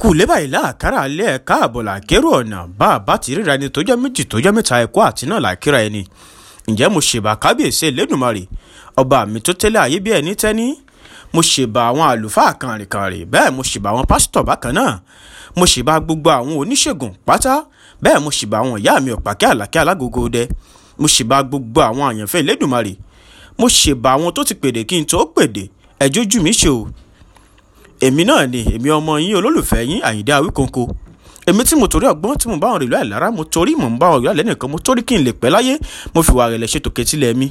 ẹkú lébà yìí láàkárà alẹ́ ẹ̀ka àbọ̀là kérò ọ̀nà bá a bá ti ríra ẹni tójọ́ méjì tójọ́ mẹ́ta ẹ̀kọ́ àti náà làkíra ẹni ǹjẹ́ mo ṣèbà kábíyèsí Elédùmarè ọba mi tó tẹ́lẹ̀ ayé bí ẹni tẹ́ni mo ṣèbà àwọn àlùfáà kànrìnkànrì bẹ́ẹ̀ mo ṣèbà àwọn pásítọ̀ bákan náà mo ṣèbà gbogbo àwọn oníṣègùn pátá bẹ́ẹ̀ mo ṣèbà àwọn ìyá mi ọ̀pàkẹ́ àlàkẹ́ alágogo dẹ mo ṣèbà gbogbo àwọn àyànfẹ́ Elédùmarè mo ṣèbà àwọn tó ti pèdè kí n tó pèdè ẹjọ́ jù mí ṣe o èmi náà ni èmi ọmọ yín olólùfẹ́ yín àyíndé àwíkọ́nkọ́ èmi tí mo torí ọgbọ́n tí mo bá wọn rèlú àìlára mo torí mò ń bá wọn rèlú àìlẹ́ nìkan mo torí kí n lè pẹ́ láyé mo fi wà rẹ̀ lẹ̀ ṣètò kẹtílẹ̀ mi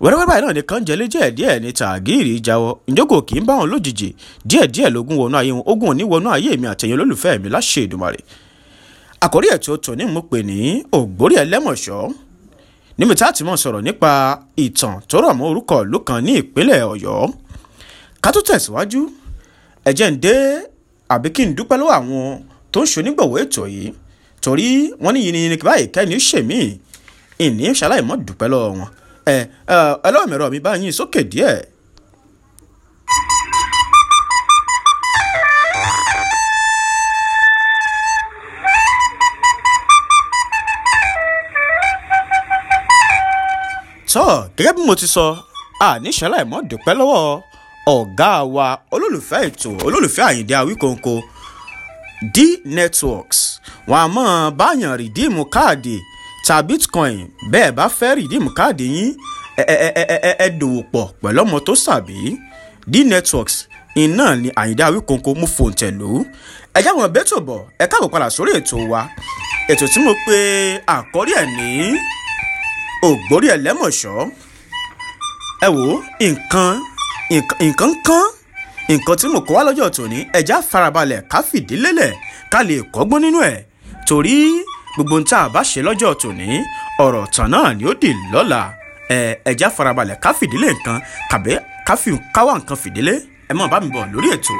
wẹ́rẹ́wẹ́rẹ́ báyìí náà nìkan jẹ́lé díẹ̀ díẹ̀ ní tàgíìrì jáwọ́ ìjókòó kì í bá wọn lójijì díẹ̀ díẹ̀ lógún wọnú ayé wọn ogun òní wọnú ayé mi àtẹ̀yìn olólùfẹ́ mi láṣẹ Èdùmàrè àkórí ẹ̀ tí tún ní mo pè ní ògbórí ẹlẹ́mọ̀ṣọ́ níbi tá a ti mọ̀ sọ̀rọ̀ ẹ jẹ́ ń dé àbí kí n dúpẹ́ lọ́wọ́ àwọn tó ń ṣonígbọ̀wọ́ ètò yìí torí wọ́n ní yìnyín ní báyìí kẹ́ni ṣèmí ìní ṣaláìmọ́ dúpẹ́ lọ́wọ́ wọn ẹ ẹ lọ́wọ́ mi rọ̀ mi bá yín sókè díẹ̀. tọ́ gẹ́gẹ́ bí mo ti sọ àníṣe aláìmọ́ dúpẹ́ lọ́wọ́ ọ̀gá wa olólùfẹ́ ètò olólùfẹ́ Àyìndé Àwíkòǹkò D Networks wọn a máa báyàn rìdíìmù káàdì ta bitcoin bẹ́ẹ̀ bá fẹ́ rìdíìmù káàdì yín ẹ dòwò pọ̀ pẹ̀lú ọmọ tó sàbí D Networks iná ni Àyìndé Àwíkòǹkò mú fòǹtẹ̀lù ẹ jáwọn bẹ́tò bọ̀ ẹ káàbọ̀ padà sórí ètò wa ètò tí mo pe àkọ́rí ẹ̀ ní ògbórí ẹlẹ́mọ̀ṣọ́ ẹ wo nǹkan nǹkan kan nǹkan tí mo kọ́ wá lọ́jọ́ tòní ẹ̀já farabalẹ̀ ká fìdí lélẹ̀ ká lè kọ́gbọ́n nínú ẹ̀ torí gbogbo ń tá bá ṣe lọ́jọ́ tòní ọ̀rọ̀ tàn náà ni ó dì lọ́la ẹ̀já farabalẹ̀ ká fìdílé nǹkan kàbẹ́ ká wá nǹkan fìdílé ẹ mọ̀ bá mi bọ̀ lórí ètò.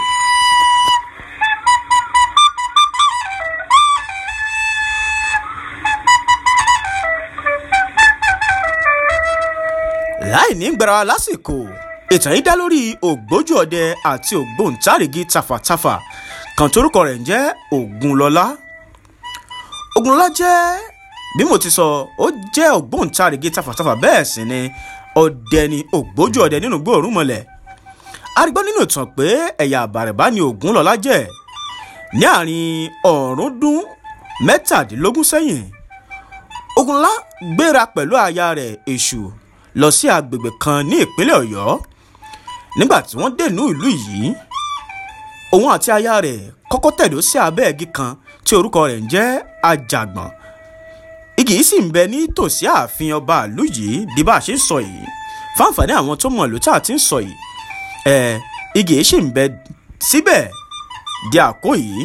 láì ní gbẹ̀rọ lásìkò ìtàn yìí dá lórí ògbójú ọdẹ àti ògbóǹtarìgì tafàtafà kan torúkọ rẹ̀ ń jẹ́ Ògúnlọlá Ògúnlọlá jẹ́ bí mo ti sọ ó jẹ́ ògbóǹtarìgì tafàtafà bẹ́ẹ̀ sì ni ọdẹ ni ògbójú ọdẹ nínú gbòòrùnmọlẹ̀ arígbọ́ nínú ìtàn pé ẹ̀yà àbàrẹ̀bá ni Ògúnlọlá jẹ́ ní àárín ọ̀rúndún mẹ́tàdínlógún sẹ́yìn Ògúnlọlá gbéra pẹ̀lú aya rẹ̀ èṣù lọ sí agbègbè kan ní ìpínlẹ̀ Ọ̀yọ́ nígbà tí wọ́n dènú ìlú yìí òun àti aya rẹ̀ kọ́kọ́ tẹ̀dó sí abẹ́ igi kan tí orúkọ rẹ̀ ń jẹ́ àjàgbọ̀n igi yìí sì ń bẹ ní tòsí ààfin ọba ìlú yìí di bá a ṣe ń sọ yìí fáǹfààní àwọn tó mọ ìlú tá a ti ń sọ yìí ẹ igi yìí sì ń bẹ síbẹ̀ di àkó yìí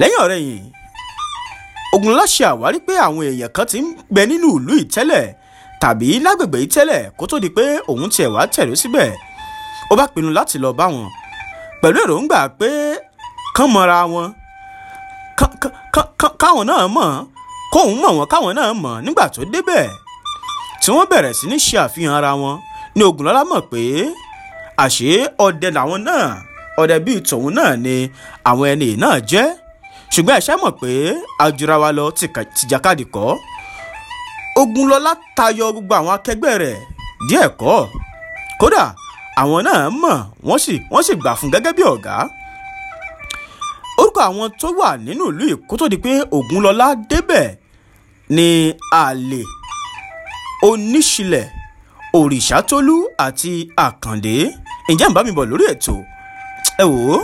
lẹ́yìn ọ̀rẹ́ yìí Ògúnlá ṣe àwárí pé àwọn èèyàn kan ti ń bẹ nínú ìlú ìtẹ́lẹ̀ tàbí lágbègbè ìtẹ́lẹ̀ kó tó di pé òun tiẹ̀ wá tẹ̀dó síbẹ̀ ó bá pinnu láti lọ bá wọn pẹ̀lú èròǹgbà pé kán mọra wọn káwọn náà mọ̀ kóun mọ̀ wọ́n káwọn náà mọ̀ nígbà tó débẹ̀ tí wọ́n bẹ̀rẹ̀ sí ní ṣe àfihàn ara wọn ni Ògúnlọ́lá mọ̀ pé àṣé ọdẹ làwọn náà ọdẹ bíi tòun náà ni àwọn ẹni náà jẹ́ ṣùgbọ́n ẹ̀ṣẹ́ mọ̀ pé àjùra wa lọ tìjàkadì kọ́ Ògúnlọ́lá tayọ gbogbo àwọn akẹgbẹ́ rẹ̀ díẹ̀ kọ́ kódà àwọn náà mọ̀ wọ́n sì wọ́n sì gbà fún gẹ́gẹ́ bí ọ̀gá orúkọ àwọn tó wà nínú ìlú yìí kó tó di pé Ògúnlọlá débẹ̀ ni àlè oníṣilẹ̀ òrìṣàtólú àti àkàndé ǹjẹ́ ń mi bọ̀ lórí ètò ẹ wò ó.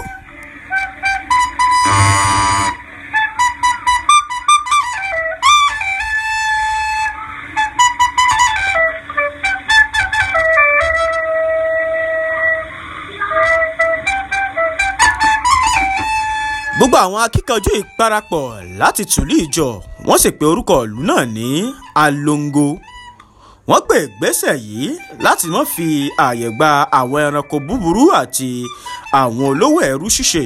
gbogbo àwọn akíkanjú ìparapọ̀ láti tùlú ìjọ wọ́n sì pe orúkọ ìlú náà ní alongo wọ́n gbé ìgbésẹ̀ yìí láti má fi ààyè gba àwọn ẹranko búburú àti àwọn olówó ẹrú ṣíṣe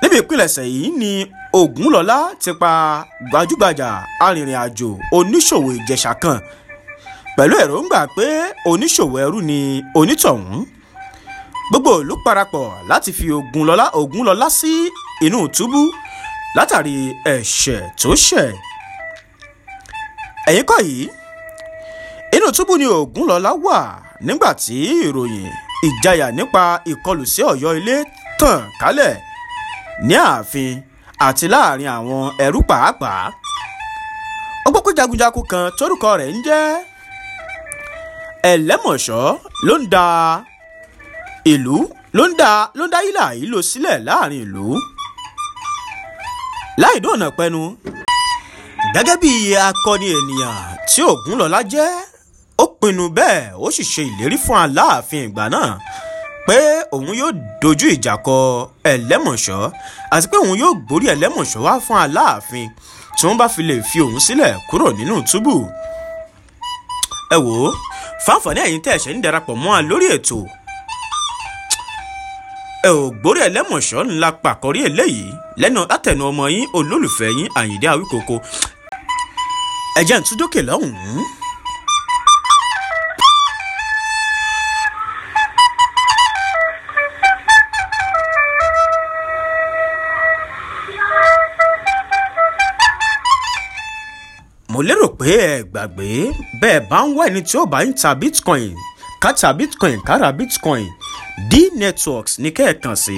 níbi ìpilẹ̀ṣẹ̀ yìí ni ògúnlọ́lá ti pa gbajúgbajà arìnrìn-àjò oníṣòwò ìjẹ̀ṣà kan pẹ̀lú èròǹgbà pé oníṣòwò ẹrú ni onítọ̀hún gbogbo ìlú parapọ̀ láti fi ogun Ògúnlọlá sí inú túbú látàrí ẹ̀ṣẹ̀ tó ṣẹ̀ ẹ̀yìn kọ́ yìí inú túbú ni Ògúnlọlá wà nígbà tí ìròyìn ìjayà nípa ìkọlù sí Ọ̀yọ́ ilé tàn kálẹ̀ ní ààfin àti láàrin àwọn ẹrú pàápàá ó gbọ́ pé jagunjagun kan tórúkọ rẹ̀ ń jẹ́ ẹlẹ́mọ̀ṣọ́ ló ń da ìlú ló ń dá ló ń dá hílà yìí lò sílẹ̀ láàrin ìlú láì dóònà pẹnu gẹ́gẹ́ bí akọni ènìyàn tí Ògúnlọlá jẹ́ ó pinnu bẹ́ẹ̀ ó sì ṣe ìlérí fún Aláàfin ìgbà náà pé òun yóò dojú ìjà kọ ẹlẹ́mọ̀ṣọ́ àti pé òun yóò gborí ẹlẹ́mọ̀ṣọ́ wá fún Aláàfin tí wọ́n bá fi lè fi òun sílẹ̀ kúrò nínú túbú ẹ wò ó fáǹfààní ẹ̀yin tẹ̀ ṣe ń darapọ̀ mọ́ a lórí ètò ẹ ò gbórí ẹlẹ́mọ̀ṣọ́ ńlá pàkórí eléyìí lẹ́nu látẹnu ọmọ yín olólùfẹ́ yín àyíndé àwíkoko ẹ̀jẹ̀ ń tún dókè lọ́hùn-ún. mo lérò pé ẹ gbàgbé bẹ́ẹ̀ bá ń wá ẹni tí ó bá ń ta bitcoin ká ta bitcoin ká ra bitcoin dnetworks ní kẹ́ẹ̀kan sí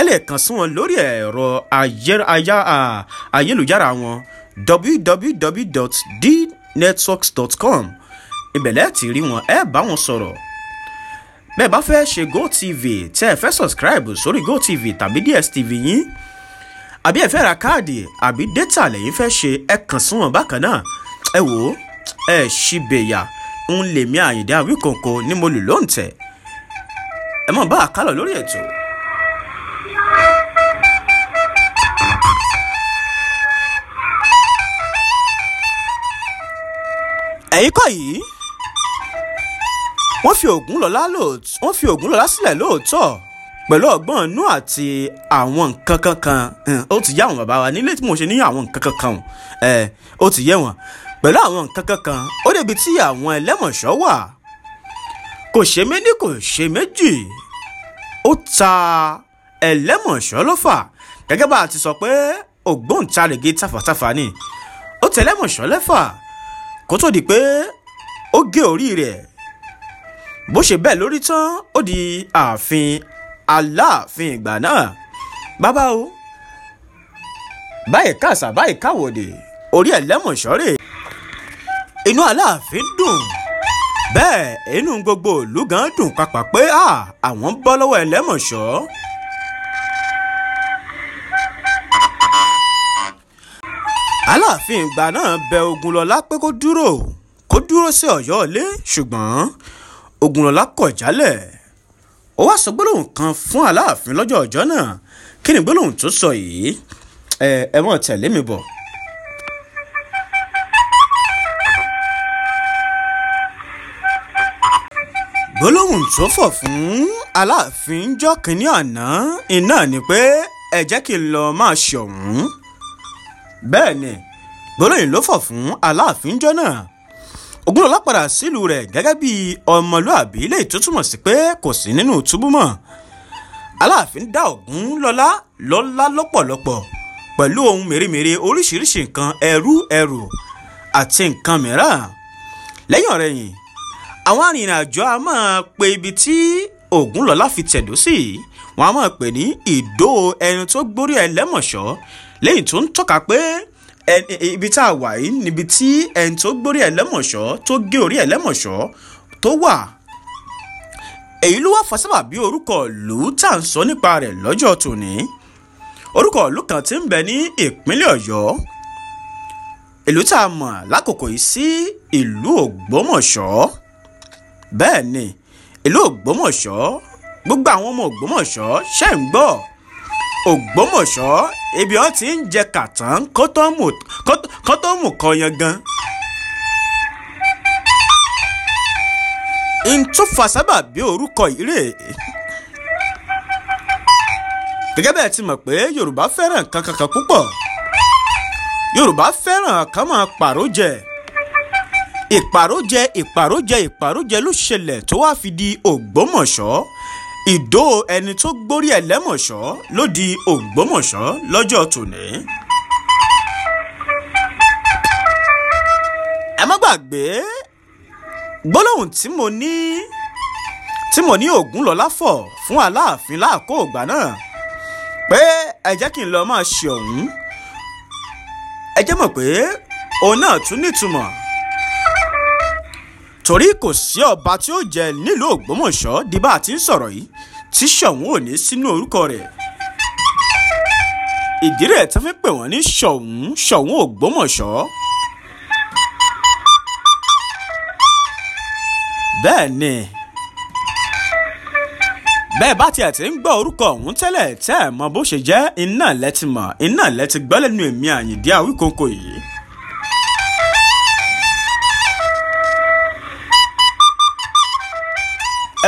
ẹ lè kàn sí wọn lórí ẹ̀rọ ayélujára wọn www.dnetworks.com ìbẹ̀lẹ̀ ti rí wọn ẹ bá wọn sọ̀rọ̀ bẹ́ẹ̀ bá fẹ́ ṣe gotv tẹ́ ẹ fẹ́ subscribe sórí gotv tàbí dstv yín àbí ẹ fẹ́ ra káàdì àbí dátà lẹ́yìn fẹ́ ṣe ẹ kàn sí wọn bákan náà ẹ wò ó ẹ ṣì bẹ̀yà ń lèmi àyìndá wíkòǹkò ní mo lù lóǹtẹ̀ ẹ mọ̀ bá a kálọ̀ lórí ètò. ẹ̀yin kọ́ yìí wọ́n fi Ògúnlọ́lá lóòótọ́ wọ́n fi Ògúnlọ́lá sílẹ̀ lóòótọ́ pẹ̀lú ọgbọ́n inú àti àwọn nǹkan kankan ó ti yá àwọn bàbá wa nílé tí mo ṣe ní àwọn nǹkan kankan ó ti yé wọn pẹ̀lú àwọn nǹkan kankan ó débi tí àwọn ẹlẹ́mọ̀ṣọ́ wà kò ṣe méjì kò ṣe méjì ó ta ẹlẹ́mọ̀ṣọ́ lọ́fà gẹ́gẹ́ bá a ti sọ pé ògbóǹtarìgì tàfàtàfà ni ó tẹlẹ́mọ̀ṣọ́ lẹ́fà kó tó di pé ó gé orí rẹ̀ bó ṣe bẹ́ẹ̀ lórí tán ó di ààfin aláàfin ìgbà náà bàbá o báyìí kàṣà báyìí káwòdì orí ẹlẹ́mọ̀ṣọ́ rè inú aláàfin dùn bẹ́ẹ̀ inú gbogbo ìlú gan dùn papà pé àwọn bọ́ lọ́wọ́ ẹlẹ́mọ̀ṣọ́. aláàfin ìgbà náà bẹ ogunlọ́lá pé kó dúró kó dúró sí ọ̀yọ́ ilé ṣùgbọ́n ogunlọ́lá kọ̀ jálẹ̀ ó wá sọ gbólóhùn kan fún aláàfin lọ́jọ́ ọjọ́ náà kí ni gbólóhùn tó sọ yìí ẹ ẹ mọ̀ tẹ̀lé mi bọ̀. gbólóhùn tó fọ̀ fún aláàfin jọ́kìnní àná iná ni pé ẹ jẹ́ kí n lọ máa ṣọ̀hún bẹ́ẹ̀ ni gbólóhùn ló fọ̀ fún aláàfin jọ́ náà Ògúnlọlá padà sílùú rẹ̀ gẹ́gẹ́ bí ọmọlúàbí lè tó túmọ̀ sí pé kò sí nínú túbú mọ́ aláàfin dá Ògúnlọlá lọ́lá lọ́pọ̀lọpọ̀ pẹ̀lú ohun mèremère oríṣiríṣi nǹkan ẹrú ẹrù àti nǹkan mìíràn lẹ́yìn ọ̀rẹ̀yìn àwọn arìnrìnàjò a máa pe ibi tí Ògúnlọ́lá fi tẹ̀dó sí wọ́n a máa pè ní ìdó ẹni tó gbórí ẹlẹ́mọ̀ṣọ́ lẹ́yìn tó ń tọ́ka pé ibi tá a wà yìí níbi tí ẹni tó gbórí ẹlẹ́mọ̀ṣọ́ tó gé orí ẹlẹ́mọ̀ṣọ́ tó wà èyí ló wá fàṣàbà bí orúkọ ìlú tá à ń sọ nípa rẹ̀ lọ́jọ́ tòní orúkọ ìlú kan tí ń bẹ ní ìpínlẹ̀ Ọ̀yọ́ ìlú tá a mọ̀ lákòókò yìí sí ìlú Ògbómọ̀ṣọ́ bẹ́ẹ̀ ni ìlú ògbómọ̀ṣọ́ gbogbo àwọn ọmọ ògbómọ̀ṣọ́ ṣẹ̀ ń gbọ́ ògbómọ̀ṣọ́ ibi wọn ti ń jẹ kàtàn kó tó mú kọyan gan. ntúfà sábà bí orúkọ ìrè gẹ́gẹ́ bẹ́ẹ̀ ti mọ̀ pé yorùbá fẹ́ràn kankankan púpọ̀ yorùbá fẹ́ràn ká máa pàrọ̀ jẹ ìpàrójẹ ìpàrójẹ ìpàrójẹ ló ṣẹlẹ̀ tó wá fi di Ògbómọ̀ṣọ́ ìdó ẹni tó gbórí ẹlẹ́mọ̀ṣọ́ ló di Ògbómọ̀ṣọ́ lọ́jọ́ tòní. ẹ má gbàgbé gbólóhùn tí mo ní tí mo ní Ògúnlọlá fọ̀ fún Aláàfin láàkó ògbà náà pé ẹ jẹ́ kí n lọ́ọ́ máa ṣe ọ̀hún ẹ jẹ́ mọ̀ pé òun náà tún nítumọ̀ torí kò sí ọba tí ó jẹ nílùú Ògbómọ̀ṣọ́ di bá a ti ń sọ̀rọ̀ yìí tí Ṣọ̀ún ò ní sínú orúkọ rẹ̀ ìdí rẹ̀ tó fi pè wọ́n ní Ṣọ̀ún Ṣọ̀ún Ògbómọ̀ṣọ́ bẹ́ẹ̀ ni bẹ́ẹ̀ bá tiẹ̀ ti ń gbọ́ orúkọ ọ̀hún tẹ́lẹ̀ tẹ́ ẹ̀ mọ bó ṣe jẹ́ iná lẹ́tìmọ̀ iná lẹ́tìgbọ́ èmi Àyìndé Àwíkòǹkò yìí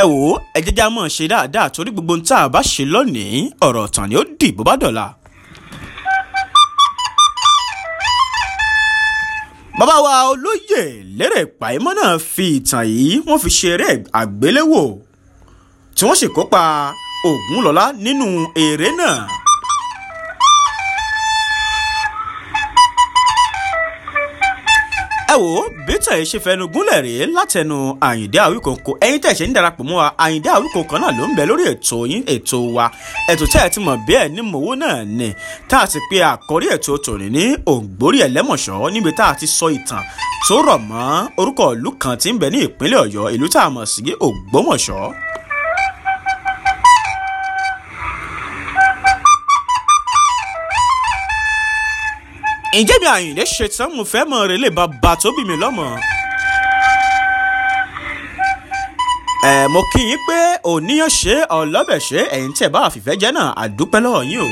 ẹ wò ó ẹ jẹ́jà mọ̀ ṣe dáadáa torí gbogbo ohun tá a bá ṣe lónìí ọ̀rọ̀ ọ̀tàn ni ó dì bó bá dọ̀la. bàbá wa olóyè lérè pàìmọ́ náà fi ìtàn yìí wọ́n fi ṣeré àgbéléwò tí wọ́n sì kópa ògúnlọ́lá nínú eré náà. ẹ wò ó bí tẹ̀ ṣe fẹnu gúnlẹ̀ rèé látẹnu Àyìndé Àwíkòǹkò ẹ̀yin tẹ̀ ṣe ń darapọ̀ mọ́ wa Àyìndé Àwíkòǹkò náà ló ń bẹ lórí ètò yín ètò wa ètò tẹ́ ẹ ti mọ̀ bí ẹ̀ ní mọ̀wó náà ni tá a ti pe àkórí ètò tòní ní ògbórí ẹlẹ́mọ̀ṣọ́ níbi tá a ti sọ ìtàn tó rọ̀ mọ́ orúkọ ìlú kan tí ń bẹ ní ìpínlẹ̀ Ọ̀yọ́ ìlú tá a mọ̀ sí Ògbómọ̀ṣọ́ ǹjẹ́ mi àyìnlé ṣetán mo fẹ́ mọ̀ rẹ lè ba bà tó bì mí lọ́mọ. ẹ mo kí yín pé òníyàn ṣe ọlọ́bẹ̀ ṣe ẹ̀yin tẹ̀ bá àfìfẹ́ jẹ́ náà àdúpẹ́ lọ́wọ́ yín o.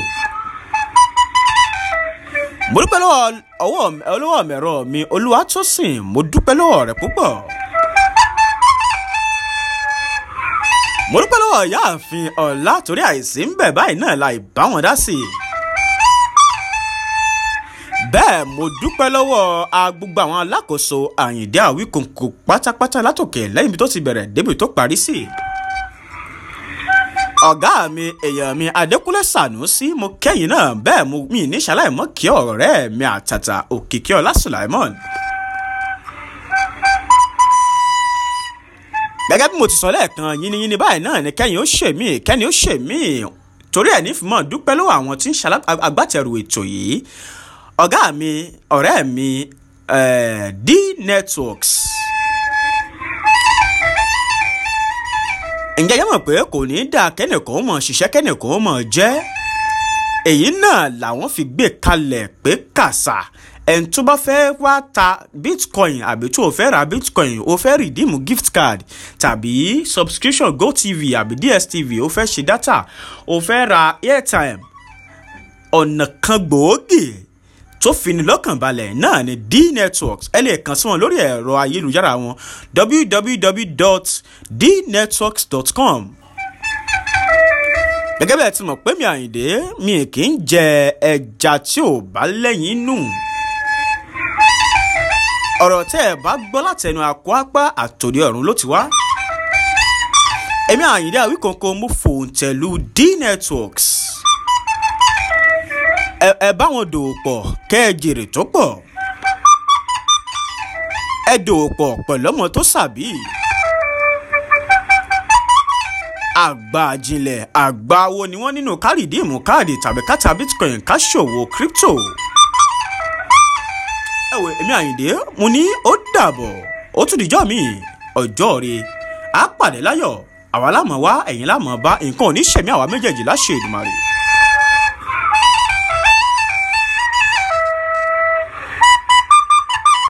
mo dúpẹ́ lọ́wọ́ ọwọ́ olówó mẹ́rọ mi Olúwatósìn mo dúpẹ́ lọ́wọ́ rẹ púpọ̀. mo dúpẹ́ lọ́wọ́ ìyáàfin ọ̀la torí àìsí ń bẹ̀ báyìí náà láì bá wọn dá sí i bẹ́ẹ̀ mo dúpẹ́ lọ́wọ́ gbogbo àwọn alákòóso Àyìndé Àwíkòǹkò pátápátá látòkè lẹ́yìn tó ti bẹ̀rẹ̀ débi tó parí sí. ọ̀gá mi èèyàn mi Adékúnlé Sànúsí mo kẹ́yìn náà bẹ́ẹ̀ mo mi ní ṣaláìmọ́ kí ọ̀rẹ́ mi àtàtà òkìkí ọlá Sulaimon. gẹ́gẹ́ bí mo ti sọ lẹ́ẹ̀kan yínníyínní báyìí náà ni kẹ́yìn ó ṣe mí kẹ́ni ó ṣe mí torí ẹ̀ nífìmọ̀ dúpẹ́ lọ́wọ́ àwọn tí ń ṣalágbàtẹ̀rù ọ̀gá mi ọ̀rẹ́ mi eh, D-Networks. ǹjẹ́ yẹ́n mọ̀ pé kò ní í dáa kẹ́nìkan mọ̀ ṣiṣẹ́ kẹ́nìkan mọ̀ jẹ́ èyí náà làwọn fi gbé kalẹ̀ pé kàṣà ẹni tó bá fẹ́ wá ta bitcoin àbí tó o fẹ́ ra bitcoin o fẹ́ rìdíìmù gift card tàbí subscription gotv àbí dstv o fẹ́ ṣe data o fẹ́ ra airtime ọ̀nà kan gbòógì tó fini lọ́kàn balẹ̀ náà ni dnetworks ẹ lè kàn sí wọn lórí ẹ̀rọ ayélujára wọn www.dnetworks.com gẹ́gẹ́ bẹ́ẹ̀ ti mọ̀ pé mi Àyìndé mi kì í jẹ ẹja tí ò bá lẹ́yìn nù ọ̀rọ̀ tẹ́ ẹ bá gbọ́ látẹnu àkọ́ apá àtòdì ọ̀run ló ti wá èmi Àyìndé Àwíkọ́nkọ́ mo fòǹtẹ̀lù dnetworks ẹ bá wọn dòwò pọ̀ kẹ́ ẹ jèrè tó pọ̀ ẹ dòwò pọ̀ pẹ̀lú ọmọ tó sàbí. àgbà àjìnlẹ̀ àgbà awo ni wọ́n nínú káàdì díìmù káàdì tàbí káta bitcoin ká ṣòwò crypto. ẹ̀wẹ̀ èmi àyìndé mo ní ó dàbọ̀ ó tún dìjọ́ mi ọjọ́ re á pàdé láyọ̀ àwa lámọ̀ wá ẹ̀yin lámọ̀ bá nǹkan ò ní ṣẹ̀mí àwa méjèèjì láṣẹ Èdùmàrè.